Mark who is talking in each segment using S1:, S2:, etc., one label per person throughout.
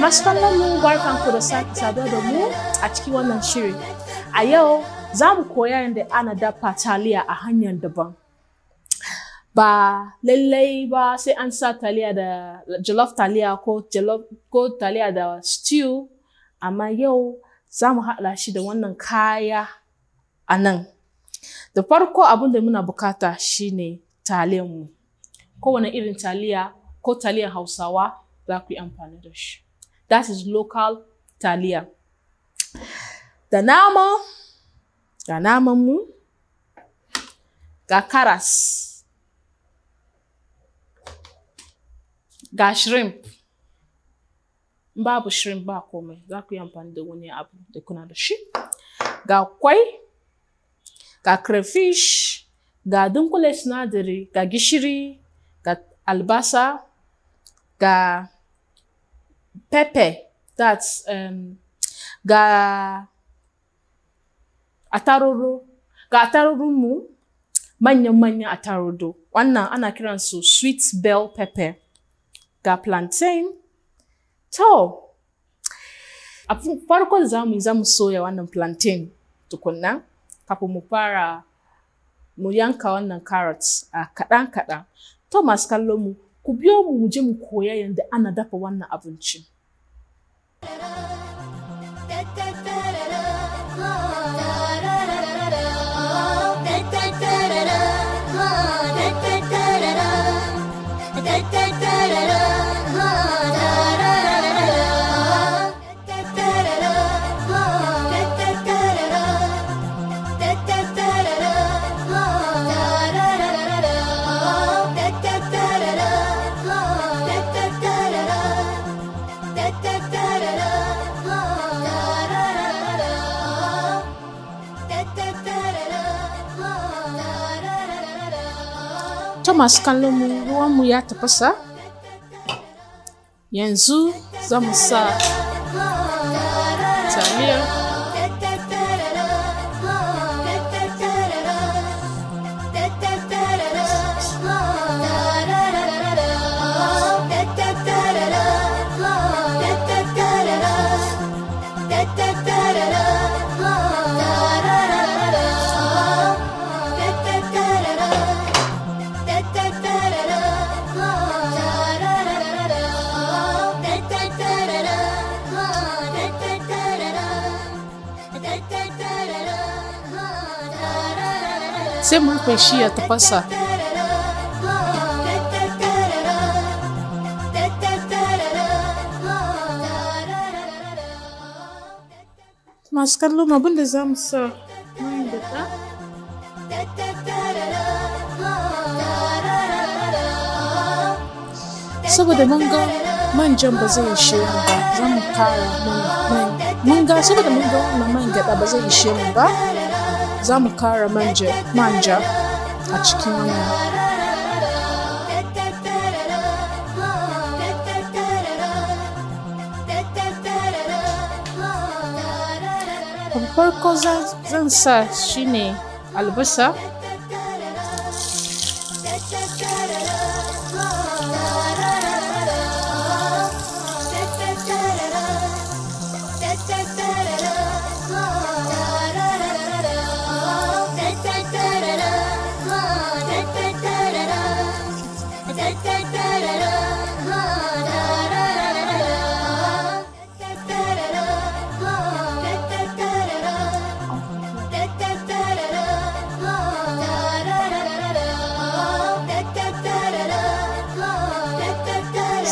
S1: Masu mu mu barkanku da sake saduwa da mu
S2: a cikin wannan shiri. A yau za mu koya yadda ana dafa taliya a hanyar daban. ba lallai ba sai an sa taliya da jollof taliya ko jollof ko taliya da stew amma yau za mu haɗa shi da wannan kaya a nan da farko abin da muna bukata shine ko kowane irin taliya ko taliyan hausawa za ku yi amfani da shi that is local taliya da nama da naman mu ga karas ga shrimp ba abu shrimp ba komai za ku yi amfani da wani abu da kuna da shi ga kwai ga crayfish ga dunkule sinadari ga gishiri ga albasa ga pepper that's um, ga ataruru ga ataruru mu manyan-manyan atarudu wannan ana kiransu sweet bell pepper ga plantain to a farko za zamu za mu soya wannan plantain tukunna kafin mu fara mu yanka wannan carrots a kaɗan kaɗan to masu kallon mu ku biyo mu mu je mu koya yadda ana dafa wannan abincin. masu kallon mu mu ya tafasa yanzu za sa
S1: taliyar
S2: sai mu rufe shi ya tafasa masu kallo abin da za mu sa
S1: mayan da saboda mun
S2: ga manjan ba zai ishe mu ba za mu kara mun ga saboda mun ga wannan man gyaɗa ba zai ishe mu ba za mu kara manja a cikin wannan farko zan sa shine albasa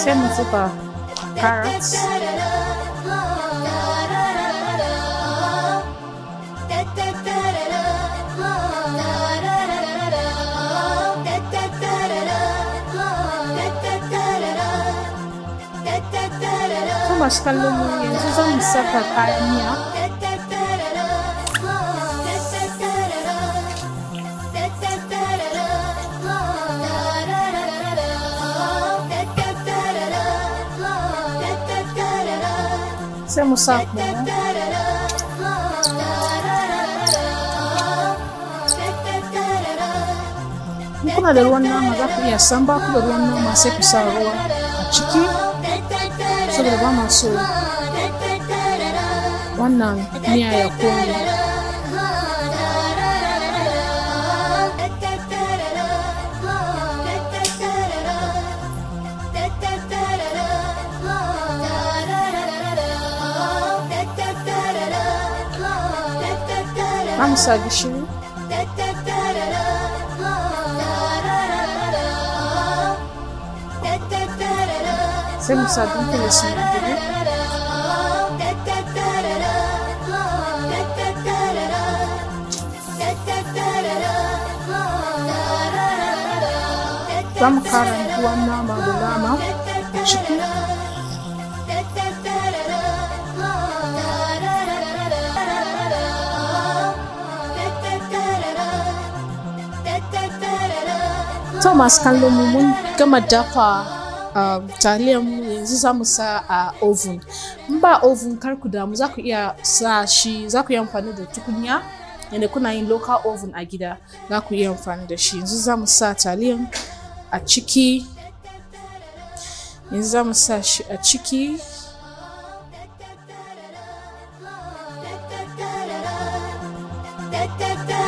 S2: Sehr super. Parrots. Só mais calor, Jesus, eu não sei para a minha. Você é mussaco, né? Kuna da ruwan nama za ku iya san ba ku da ruwan nama sai ku sa ruwa a ciki saboda ba masu wannan miya bamusagishije
S1: semusaga umukoresha umubiri
S2: bamukaranguwama mabulama inshuti to masu kallon mu mun gama dafa ah, taliyan mu yanzu za mu sa a oven in ba oven kar ku damu za ku iya sa shi za ku yi amfani da tukunya yadda kuna yin local oven a gida za ku iya amfani da shi yanzu za mu sa taliyan a ciki yanzu za mu sa shi a ciki
S1: da da da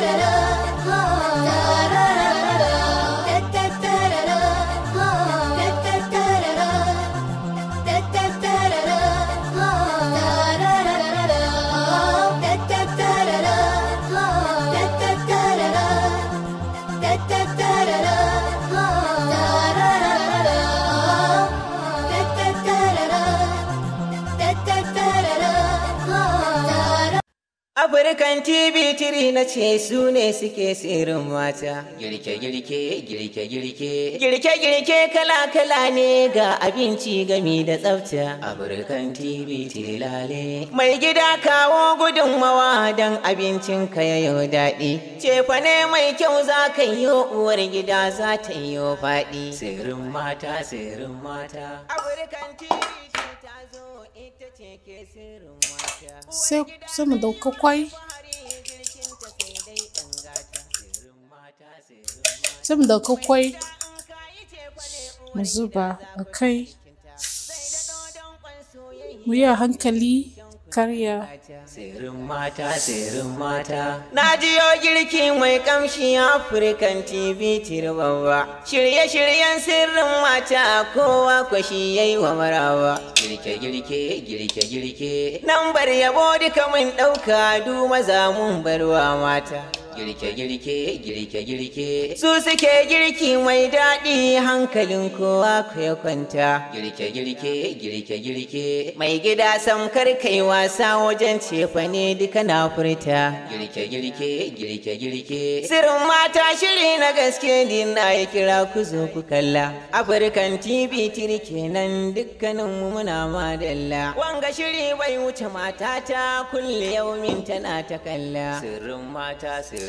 S1: da da da
S3: Afirkan TV tiri na ce su ne suke tsirin mata. Girke-girke, girke-girke. Girke-girke kala-kala ne ga abinci gami da tsafta. Afirkan TV 3 lale. Mai gida kawo gudunmawa don abincin ka yau daɗi. Cefa ne mai kyau za ka yi uwar gida za ta yi faɗi. Tsirin mata, tsirin mata. Afirkan TV ta zo. sai mu dauka
S2: kwai sai mu dauka kwai mu zuba a kai mu yi a hankali karya
S3: mata mata na jiyo girki mai kamshi afirkan tv tirbabba shirye-shiryen sirrin mata kowa kwashi yayi wa marawa girke girke girke girke nan bar yabo duka mun ɗauka du maza mun barwa mata girke girke girke girke su suke girki mai daɗi hankalin kowa ku ya kwanta girke girke girke girke mai gida sam kai wasa wajen cefane duka na furta girke girke girke girke sirrin mata shiri na gaske dina ya kira ku zo ku kalla afirkan tv tirke kenan dukkanin mu muna madalla wanga shiri bai wuce mata ta kulle min tana ta kalla sirrin mata sirin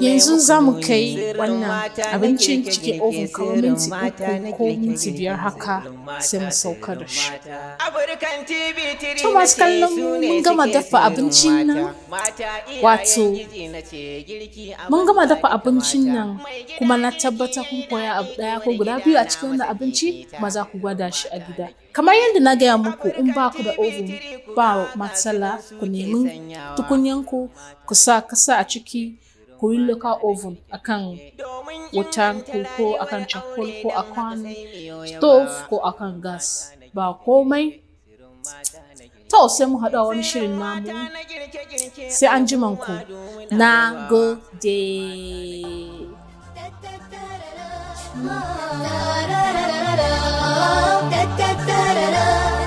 S3: yanzu za mu kai wannan abincin cikin oven kamar minti uku ko
S2: minti biyar haka sai mu sauka da shi to masu kallon mun gama dafa abincin nan wato mun gama dafa abincin nan kuma na tabbata kun koya abu daya ko guda biyu a cikin wannan abinci maza ku gwada shi a gida kamar yadda na gaya muku in ba ku da oven ba matsala ku nemi tukunyanku ku sa kasa a ciki ku yi local oven akan wutan ku ko akan charcoal ko akan stove ko akan gas ba komai ta sai mu haɗa wani shirin namu sai an ji ku na gode
S1: تا تا تا لا